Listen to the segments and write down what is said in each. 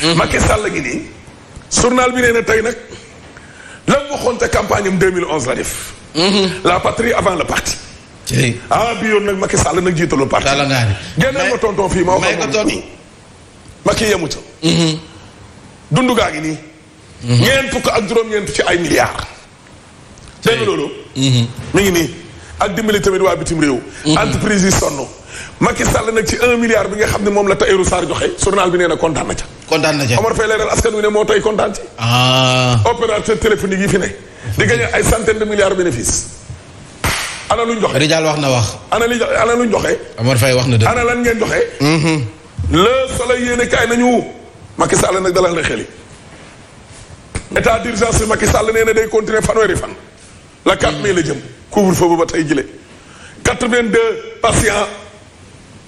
Mm-hmm. Macky Sall gi nii journal bi nee na tey nag lan waxoon te campagne am 2011 la def. Mm-hmm. la patrie avant le parti. ah bi yoon nag Macky Sall nag jiitalu parti. Sall ngaa ne génneel ma tonton fii ma waxoon moom nii. Macky yemu ca. Mm-hmm. dundu gaa ngi nii. ñeent fukk ak juróom-ñeent ci ay milliards. dégg nga loolu. mi ngi nii. ak dimbali tamit waa bitim réew. entreprise yi sonn. Macky Sall nag ci un milliard bi nga xam ne moom la Tahirou Sarr joxe journal bi nee na kontaan na ca. kontaan na ca Omar Faye leeral askan wi ne moo tey kontaan ci. Ah. opérateur téléphonique yi fi ne. di gagné ay centaine de milliards bénéfice. ana wax na wax. ana li ana luñ joxe. Omar Faye wax na dëgg. ana lan ngeen joxe. Mm-hmm. le soleil yéene kaay nañu. Macky Sall nag dalal na xel yi. état d'urgence bi Macky Sall nee na day continuer fanweeri fan. la 4 mai la jëm. couvre-feu ba tey jile quatre-vingt-deux patients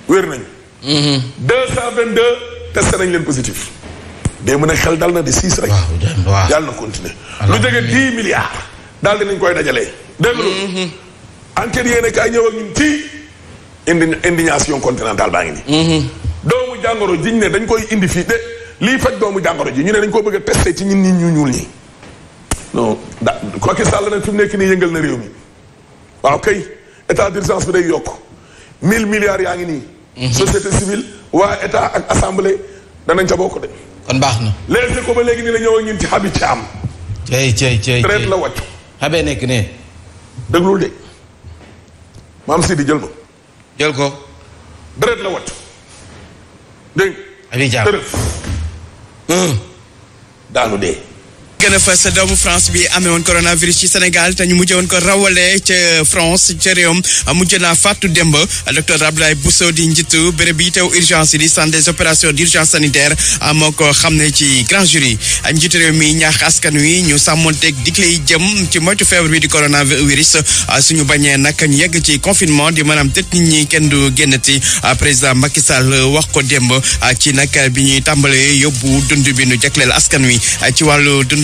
wér nañ mhm. deux cent vingt-deux testé nañ leen positif de mu ne xel dal na di six rek yàlla na continuer lu jege dix milliards di dinañ koy dajalee de lu mhm. enquête yéene kaay ñëw ak ci indi indignation continentale baa ngi nii mhm. doomu jàngoro jiñ ne dañ koy indi fii de lii faj doomu jàngoro ji ñu ne dañ ko bëggee a ci ñun ñi ñu ñuul ñi non da Macky Sall nag fi mu nekk nii yëngal na réew mi waaw kay état d'urgence bi day yokk mille milliards yaa ngi nii. Mhm. société civile waa état ak assemblée danañ ca bokk de. kon baax na. les échos ba léegi ni la ñëw ak ñun ci xabi am. cey cey cey traite la wàccu. xabee nekk ne. déglul de maam Sidi jël ko. jël ko. deret la wàccu. dégg nga. xabi am hmm. daanu dee. gën a fës doomu France bi amee woon coronavirus ci Sénégal te ñu mujj woon ko rawale ca France ca réewam mujj naa fàttu démb docteur Abdoulaye Bousso di njiitu béréb yi teew urgence yi di centre des opérations d'urgence sanitaire moo ko xam ne ci grand jury njiitu réew mi ñaax askan wi ñu sàmmonteeg digle yi jëm ci moytu feebar bi di coronavirus suñu bañee nag ñu yegg ci confinement di maanaam tëj nit ñi kenn du génnati président Macky Sall wax ko démb ci nag bi ñuy tàmbalee yóbbu dund bi nu askan wi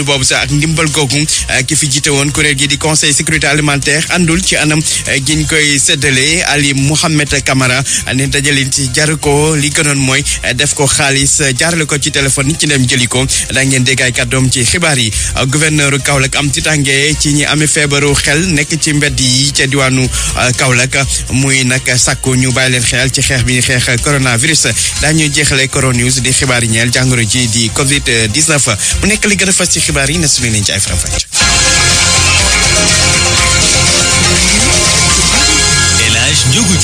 boobu sax ak ndimbal googu eh, ki fi jiite woon kuréel gi di conseil sécurité alimentaire andul ci anam eh, giñ koy séddale Ali Mouhamed kamara eh, ne dajaleen ci jar ko li gënoon mooy def ko xaalis jaarale ko ci téléphone ci dem jëli ko daa ngeen déggaay kàddoom ci xibaar yi gouverneur Kaolack am titange ci ñi amee feebaru xel nekk ci mbedd yi ca diwaanu Kaolack muy nag sàkku ñu bàyyi leen xel ci xeex bi ñu xeex coronavirus daañu jeexale coronews di xibaar yi ñeel jàngoro ji di covid xibaar yi nettali nañ ci ay faram-fàcce. El Hadj Ndiogou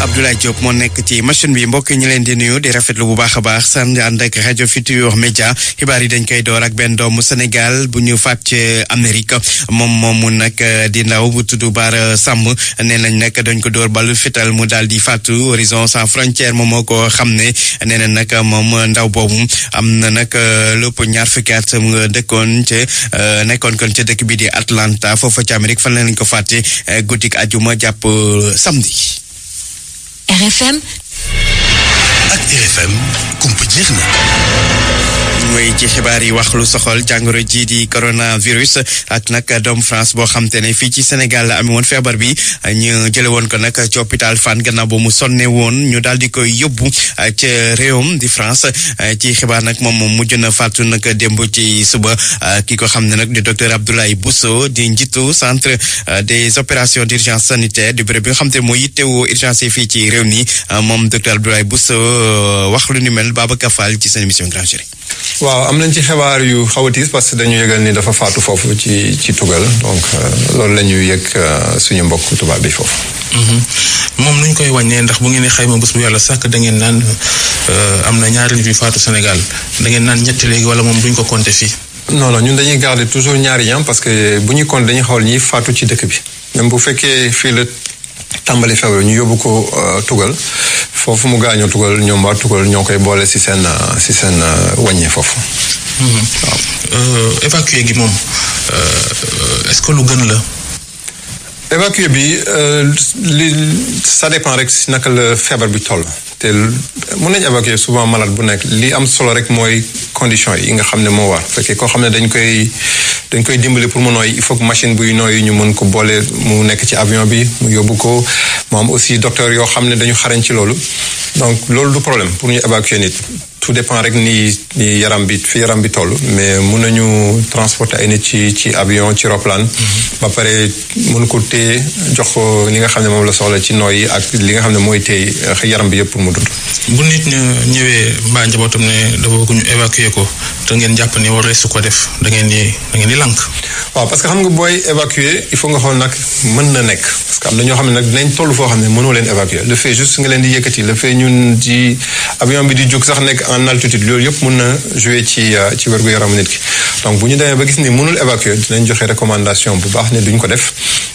Abdoulaye Diop moo nekk ci machine bi mbokk ñi leen di nuyu di rafetlu bu baax a baax sànni ànd ak rajo Futurs Médias xibaar yi dañ kay door ak benn doomu Sénégal bu ñu faat ci Amérique moom moomu nag euh, di ndaw bu tudd Bara Samb nee nañ nag dañ ko door balu fital mu daal di faatu Horizon Sans Frontières moom moo ko xam ne nee na nag moom ndaw boobu am na nag euh, lépp ñaar fukki at mu dëkkoon ci euh, nekkoon kon ci dëkk bi di Atlanta foofa ci Amérique fan lañ ko fàtte guddik ajuma jàpp samedi. RFM ak RFM kumpa jeex ñu ci xibaar yi wax lu soxal jàngoro ji di coronavirus ak nag doomu France boo xam ne fii ci Sénégal la amee woon feebar bi ñu jële woon ko nag ci hôpital gannaaw ba mu sonnee woon ñu daal di koy yóbbu ah, ca réewam di France ah, ci xibaar nag moom mujj na faatu nag démb ci suba ah, ki ko xam ne nag di docteur Abdoulaye Bousso di njiitu centre des opérations d'urgence sanitaire di béréb bi nga xam te ne mooy yittewoo urgence yi fii ci réew mi moom docteur Abdoulaye Bousso wax lu ni mel Babacar Fall ci seen émission Grand Jury waaw am nañ ci xibaar yu xawatiis parce que dañu yëgal ni dafa faatu foofu ci ci tugal donc euh, loolu la ñuy yëg euh, suñu mbokk tubaab bi foofu. Mhm. moom nuñ koy wàññee ndax bu ngeen di xayma bés bu yàlla sàkk da ngeen naan euh, am na ñaari nit yu faatu Sénégal da ngeen naan ñetti léegi wala moom duñ ko compter fii. non non ñun dañuy garder toujours ñaari yam parce que bu ñuy compter dañuy xool ñiy faatu ci dëkk bi même bu fekkee fii la tàmbali feebar ñu yóbbu ko euh, tugal foofu mu gaañoo tugal ñoom waa tugal ñoo koy boole si seen euh, si seen euh, wàññi foofu. Mm-hmm. waaw évacuer gi moom est lu gën la. évacuer bi li ça dépend rek si naka la feebar bi toll te mun nañ évacuer souvent malade bu nekk li am solo rek mooy condition yi nga xam ne moo war fekkee koo xam ne dañ koy. dañ koy dimbali pour mu nooy il faut que machine buy nooyi ñu mën ko boole mu nekk ci avion bi mu yóbbu ko moom aussi docteur yoo xam ne dañu xarañ ci loolu donc loolu du problème pour ñu évacuer nit tout dépend rek ni ni yaram bi fi yaram bi toll mais mun nañu transporter ay nit ci avion ci roplaan mhm. ba pare mun ko téye jox ko li nga xam ne moom la soxla ci nooy yi ak li nga xam ne mooy téye eh, yaram bi yëpp mu dund. bu nit ñëwee mbaa njabootam ne dafa bëgg ñu évacuer ko te ngeen jàpp ne war su ko def da ngeen di da ngeen di lànk. waaw parce que xam nga booy évacuer il faut nga xool nag mën na nekk parce que am na ñoo xam ne nag dinañ toll foo xam ne mënoo leen évacuer en altitude loolu yëpp mun na jouer ci euh, ci wérgu yaramu nit ki donc bu ñu demee ba gis ni mënul évacuer dinañ joxe recommandation bu baax ne duñ ko def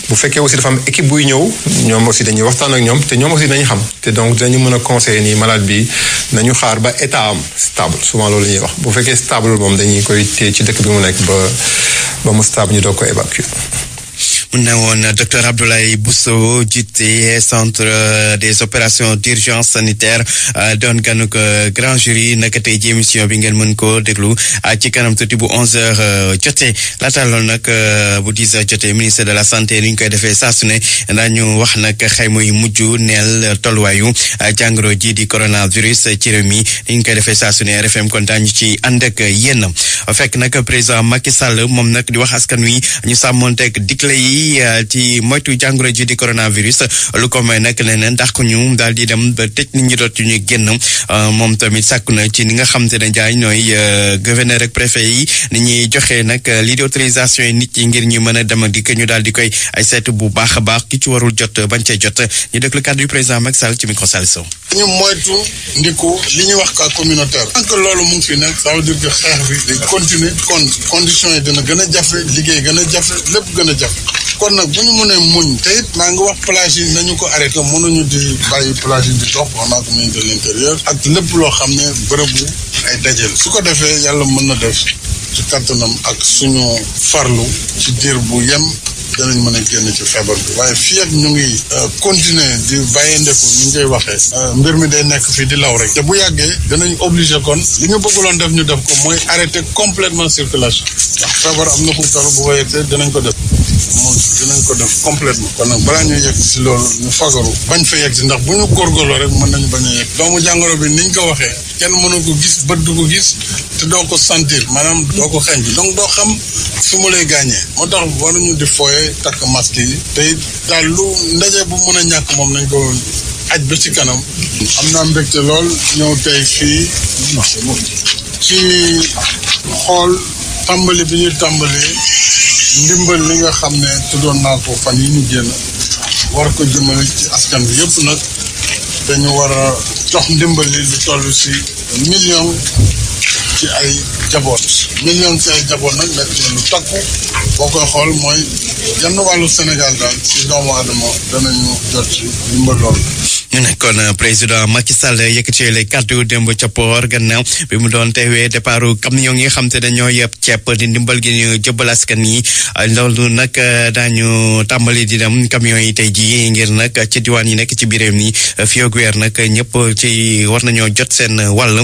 bu fekkee aussi dafa am équipe buy ñëw ñoom aussi dañuy waxtaan ak ñoom te ñoom aussi dañuy xam te donc dinañu mën a conseiller ni malade bi nañu xaar ba état am stable souvent loolu ñuy wax bu fekkee stable moom dañu koy téye ci dëkk bi mu nekk ba ba mu stable ñu doog ko évacuer mu ne woon docteur Abdoulaye Bousso jiite centre des opérations d'urgence sanitaire euh, doon ganuk euh, grand jury naka tey ji émission bi ngeen mën ko déglu euh, ci kanam tuuti bu onze jote jotee laata lool nag bu dix heures jotee ministre de la santé ni ñu koy defee saasune su ne daañu wax nag xayma yu mujj neel tolluwaayu jàngoro ji di coronavirus ci réew mi ni ñu koy defee saa su kon daañu ci ànd ak yéen fekk nag président Macky moom nag di wax askan wi ñu sàmmonteeg digle yi euh, ci moytu jàngoro ji di coronavirus lu ko may nag leneen ndax ko ñu daal di dem ba tëj nit ñi doot ñuy génn euh, moom tamit sàkku na ci ni nga xam te na jaay ñooy euh, gouverneur ak préfet yi ni ñuy joxe nag lii di autorisation yi nit ñi ngir ñu mën a dem ak dikk ñu daal di koy ay seet bu baax baax ki ci warul jot bañ ca jot ñu déglu kàddu yi président Macky Sall ci micro Sall Sow. ñu moytu ndiku li ñuy wax cas communautaire. tant loolu mu ngi fi nag ça veut dire que xeex bi day continuer kon conditions yi dina gën a jafe liggéey gën a jafe lépp gën a kon nag bu ñu mënee muñ te it ngi wax plage yi nañu ko arrêté nañu di bàyyi plage yi di dox on a commune de l'intérieur ak lépp loo xam ne bërëb bu ay dajel su ko defee yàlla mën na def ci kattanam ak suñu farlu ci diir bu yem danañ mën a génn ci feebar bi waaye fii ñu ngi euh, continuer di bàyyee ndeku ñu ngi koy waxee euh, mbir mi day nekk fii di law rek te bu yàggee danañ obligé kon li ñu bëgguloon def ñu def ko mooy arrêter complètement circulation ndax feebar am na fu tax bu ko danañ ko def moom dinañ ko def complètement kon nag balaa ñuy yegg si loolu ñu fagaru bañ fa yegg si ndax bu ñu góorgóorloo rek mën nañu bañ a yegg mu jàngoro bi niñ ko waxee kenn mënu ko gis bët du ko gis te doo ko sentir maanaam doo ko xañ bi donc doo xam fi mu lay gaañee moo tax waruñu di fooye takk masque yi te daal lu ndaje bu mën a ñàkk moom nañ ko aj ba ci kanam am naa mbégte lool ñëw tey fii ci xool tàmbali bi ñu tàmbali ndimbal li nga xam ne tuddoon naa fan yi ñu génn war ko jëmale ci askan bi yëpp nag dañu war a jox ndimbal lu toll si million ci ay jaboot million ci ay jaboot nag nekk na lu takku boo koy xool mooy genn wàllu Sénégal daal si doomu aadama danañu jot ci ndimbal loolu kon euh, président Macky Sall yëkkatee lay kàddu démb ca Port di ndimbal gi ñu yi euh, euh, daañu tàmbali di dem camion yi tey jii ngir nag ci diwaan yi nekk ci biir ni mi fii ak weer nag ñëpp ci war nañoo jot seen wàll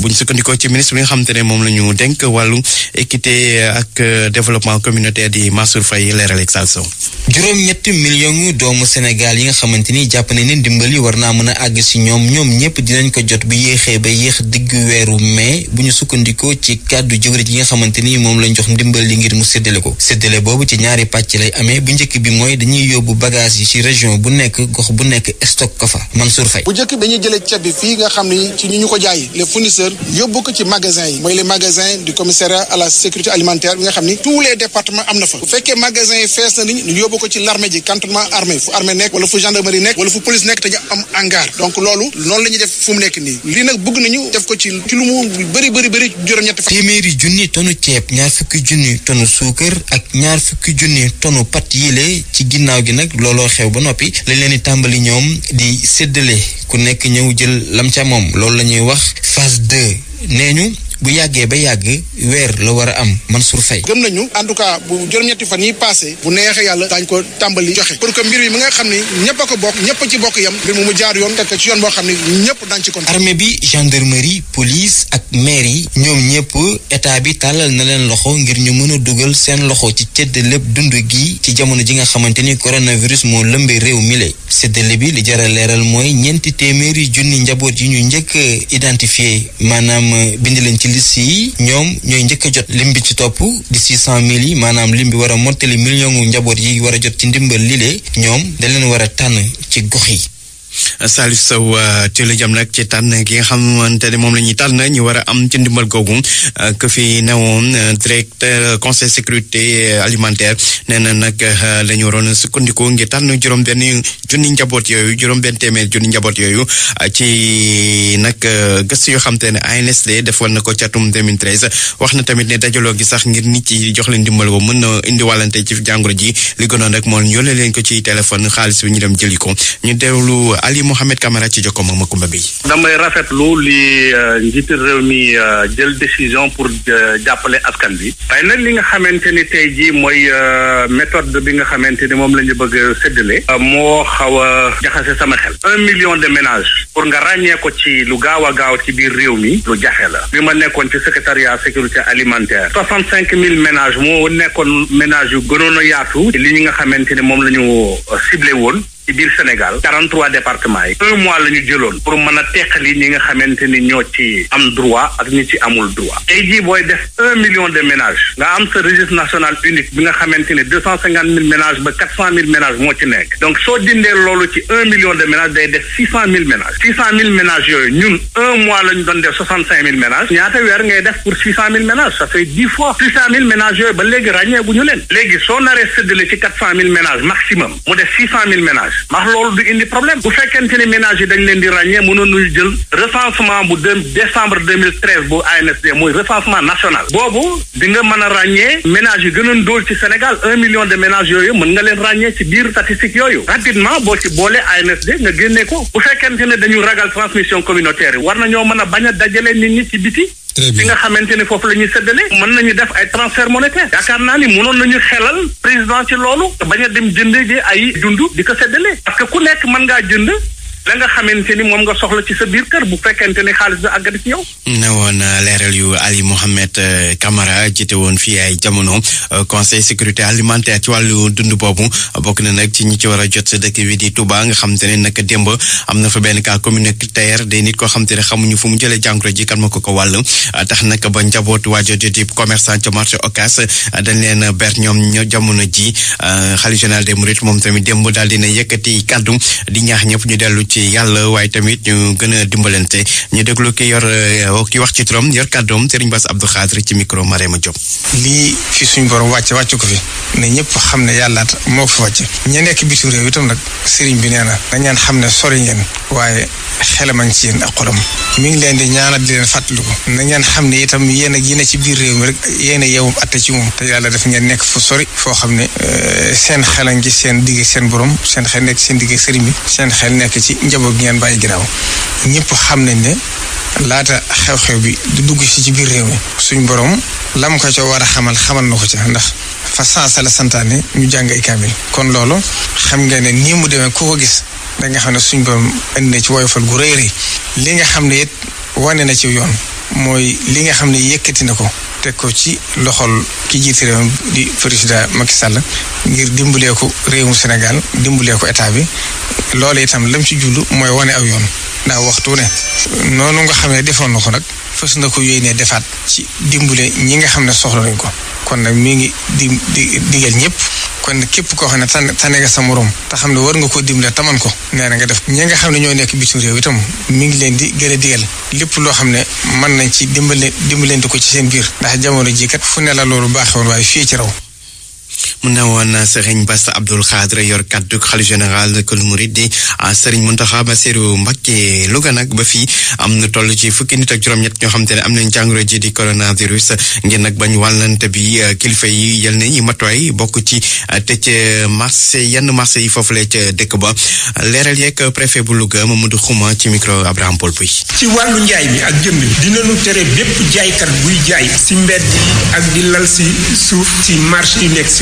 bu ñu sukkandikoo ci ministre bi nga xam ne moom la ñu dénk wàllu équité ak développement communautaire di Mansour Faye leeral ak Salson. juróom-ñetti millions doomu Sénégal yi nga xamante jàpp nañu ne ndimbal war war naa mën a àgg si ñoom ñoom ñëpp dinañ ko jot bu yéexee ba yéex diggu weeru mai bu ñu sukkandikoo ci kàddu jëwriñ yi nga xamante ni moom lañ jox ndimbal li ngir mu séddale ko séddale boobu ci ñaari pàcc lay amee bu njëkk bi mooy dañuy yóbbu bagage yi ci région bu nekk gox bu nekk stock ko fa Mansour Faye bu njëkk bi dañuy jëlee ceeb bi fii nga xam ni ci ñu ko jaay les fournisseurs yóbbu ko ci magasin yi mooy les magasins du commissariat à la sécurité alimentaire bi nga xam ni tous les am donc loolu noonu la ñuy def fu mu nekk nii lii nag bëgg nañu def ko ci ci lu mu bëri bëri bëri juróom-ñetti fan. téeméeri junni tonu ceeb ñaar fukki junni tonu suukar ak ñaar fukki junni tonu pat yile ci ginnaaw gi nag looloo xew ba noppi lañ leen di tàmbali ñoom di séddale ku nekk ñëw jël lam ca moom loolu la ñuy wax phase deux nee ñu bu yàggee ba yàgg weer la war a am man Faye gëm nañu en tout cas bu juróom-ñetti fan yi passé bu neexee yàlla daañ ko tàmbali joxe pour que mbir mi nga xam ne ñëpp a ko bokk ñëpp ci bokk yam mbir mu mu jaar yoon teg ci yoon boo xam ni ñëpp kon armée bi gendarmerie police ak maire yi ñoom ñëpp état bi tàllal na leen loxo ngir ñu mën a dugal seen loxo ci cëdd lépp dund gi ci jamono ji nga xamante ni coronavirus moo lëmbee réew mi la bi li jara leeral mooy ñeenti téeméeri junni njaboot yi ñu njëkk identifié maanaam bind leen ci yi ñoom ñooy njëkk jot lim bi ci topp di six cent mille yi maanaam lim bi war a mottali million njaboot yi war a jot ci ndimbal lile ñoom da leen war a tànn ci gox yi Salif Sow euh, ci lu jëm nag ci tànn ki nga xamante ne moom la ñuy na ñu war a am ci ndimbal googu euh, ku fi newoon euh, directeur conseil sécurité alimentaire nee na nag la ñu waroon sukkandiku ngi tànn juróom-benn junni njaboot yooyu juróom-benn téeméer junni njaboot yooyu ci nag gëstu yoo xam te ne ANSD defoon na ko ci atum 2013 wax na tamit ne dajaloo gi sax ngir nit yi jox leen ndimbal boobu mën na indi wallante ci jàngoro ji li gënoon rek moom yónnee leen ko ci téléphone xaalis bi ñu dem jëli ko Ali Mohamed Camara ci jokkoom ak Makumba Bey. damay lu li euh, njiitu réew mi euh, jël décision pour euh, jàppale askan bi. waaye nag li nga xamante ni tey jii mooy méthode bi nga xamante ni moom la bëgg a séddale. moo xaw a jaxase sama xel. un million de ménage pour nga ràññee ko ci lu gaaw a gaaw ci biir réew mi. lu jaxe la bi ma nekkoon ci secrétariat sécurité alimentaire. soixante cinq mille ménage moo nekkoon ménage yu gënoon yaatu. li ñi nga xamante ni moom la ñu ciblé woon. ci biir Sénégal 43 départements yi un mois la ñu jëloon pour mën a teqali ñi nga xamante ni ñoo ci am droit ak ñi ci amul droit tey jii booy def un million de ménages nga am sa registre national unique bi nga xamante ni deux cent cinquante mille ménages ba quatre cent mille ménages moo ci nekk donc soo dindee loolu ci un million de ménages day def six cent mille ménages six cent mille ménages yooyu ñun un mois la ñu doon def soixante cinq soo naree séddale ci quatre cent mille ménages maximum mu def ndax loolu di indi problème bu fekkente ni ménage yi dañ leen di ràññee mënoon nu jël recensement bu dem décembre deux mille treize bu ANSD mooy recensement national boobu di nga mën a ràññee ménage yi gënoon dool ci Sénégal un million de ménages yooyu mën nga leen ràññee ci biir statistique yooyu rapidement boo ci boolee ANSD nga génnee ko bu fekkente ne dañu ragal transmission communautaire yi war na ñoo mën a bañ a dajale nit ñi ci biti très bien nga xamante ne foofu la ñuy séddale. mën nañu def ay transfer monétaire. yaakaar naa ni mënoon nañu xelal président ci loolu. bañ a dem jënd gi ay dund di ko séddale. parce que ku nekk mën ngaa jënd la nga xamante ni moom nga soxla ci sa biir kër bu fekkente ni xaalis bi àggati ci yow. ne woon euh, leeral yu Ali Mohamed euh, Camara jiite woon fii ay jamono euh, conseil sécurité alimentaire ci wàllu dund boobu bokk na nag ci ñi ci war a jot sa dëkk bi di Touba nga xam ne nag démb am na fa benn cas communautaire de nit koo xam te ne xamuñu fu mu jëlee jàngoro ji kan ma ko ko wàll tax nag ba njaboot waajo di commerçant ca marché Ocass dañ leen ber ñoom ñoo jamono ji xalifa général des mourides moom tamit démb daal dina yëkkati kaddu di ñaax ñëpp ñu dellu ci yàlla waaye tamit ñu gën a dimbalante ñu déglu ki yor euh, ki wax ci turam yor doom Serigne Bass Abdou Khadre ci micro Marème Diop. lii fi suñu borom wàcce wàcc ko fi ne ñëpp xam ne yàllaat moo ko fa wàcce ñi nekk bitim réew itam nag Serigne bi nee na dañ xam ne sori waaye xelam a ngi ci yéen ak xolam mi ngi leen di ñaanal di leen fàttaliku na ngeen xam ne itam yéen a gi ne ci biir réew mi rek yéen a yeewum atte ci moom te yàlla def ngeen nekk fu sori foo xam ne euh, seen xel a ngi seen digg seen borom seen xel nekk seen digg sëriñ bi seen xel nekk ci njaboot gi ngeen bàyyi ginnaaw ñëpp xam nañ ne laata xew-xew bi du dugg si ci biir réew mi suñ borom lam ko ca war a xamal xamal na ko ca ndax fa sansa la santaane ñu jàng ay kon loolu xam nga ne nii mu ku ko gis da xam ne suñ borom indi na ci woyofal gu rëy rëy li nga xam ne it wane na ci yoon mooy li nga xam ne yëkkati na ko teg ko ci loxol ki jiite réew di président Macky Sall ngir dimbalee ko réewum Sénégal dimbalee ko état bi loolu itam lam ci jullu mooy wane aw yoon ndax waxtu ne noonu nga xam ne defoon na ko nag fas na ko yéenee defaat ci dimbale ñi nga xam ne soxla nañ ko kon nag mi ngi di di digal ñëpp kon képp koo xam ne tane tane nga sa morom te xam ne war nga koo dimbale taman ko nee na nga def ñi nga xam ne ñoo nekk bitim réew itam mi ngi leen di gën a digal lépp loo xam ne mën nañ ci dimbale dimbalante ko ci seen biir ndax jamono jii kat fu ne la loolu baaxee woon waaye fii ci raw mu ne woon Serigne Bass Abdoul Khadre yor kaddu xalif général kul Mouride ah, Serigne Mountakha Bassirou Mbacké Louga nag ba fii am na toll ci fukki nit ak juróom-ñett ñoo xam te ne am nañ jàngoro ji di coronavirus ngir nag bañ wàllante bi ah, kilifa yi yal nañu matuwaay bokk ci ah, tëj marché yenn marché yi foofule ca dëkk ba leeral yeeg préfet bu Louga Mamadou Xuma ci micro Abraham Paul Puy. ci wàllu njaay mi ak jënd mi dinañu tere bépp jaaykat buy jaay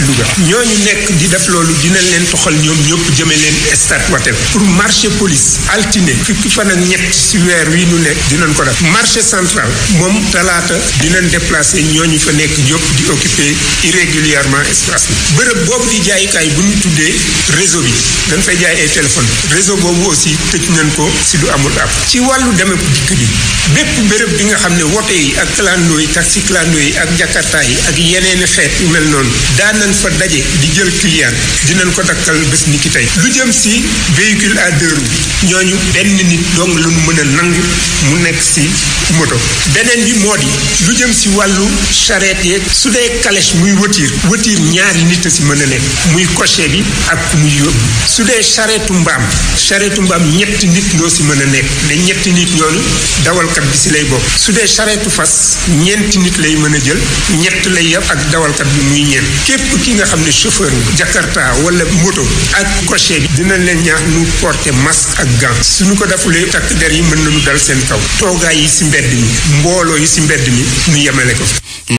Louga ñooñu nekk di def loolu dinañ leen toxal ñoom ñëpp jëme leen stade Watèl pour marché police altine fukki fan ak ñett si weer wi ñu nekk dinañ ko def marché central moom talaata dinañ déplacé ñooñu fa nekk ñëpp di occuper irrégulièrement espace bi bërëb boobu di jaayukaay bu ñu tuddee réseau bi dañ fay jaay ay téléphone réseau boobu aussi tëj nañ ko si lu amul ab ci wàllu demee ko dikk bi bépp bërëb bi nga xam ne woto yi ak clando yi taxi yi ak jakarta yi ak yeneen xeet daan fa daje di jël client dinañ ko dakkal bés ni ki tey lu jëm si véhicule à deux bi ñooñu benn nit donc lu mën a nangu mu nekk si moto beneen bi moo di lu jëm si wàllu charrette yeeg su dee calèche muy wëtiir wëtiir ñaari nit a si mën a nekk muy cocher bi ak ku muy yóbbu su dee charrette mbaam charrette mbaam ñetti nit ñoo si mën a nekk ne ñetti nit ñooñu dawalkat bi si lay bokk su dee charrette fas ñeenti nit lay mën a jël ñett lay yab ak dawalkat bi muy ñeent képp ki nga xam ne chauffeur jakarta wala moto ak cocher bi dinañ leen ñaax nu porter masque ak gant suñu ko defulee takk der yi mën nañu dal seen kaw toogaay yi si mbedd mi mbooloo yi si mbedd mi nu yemale ko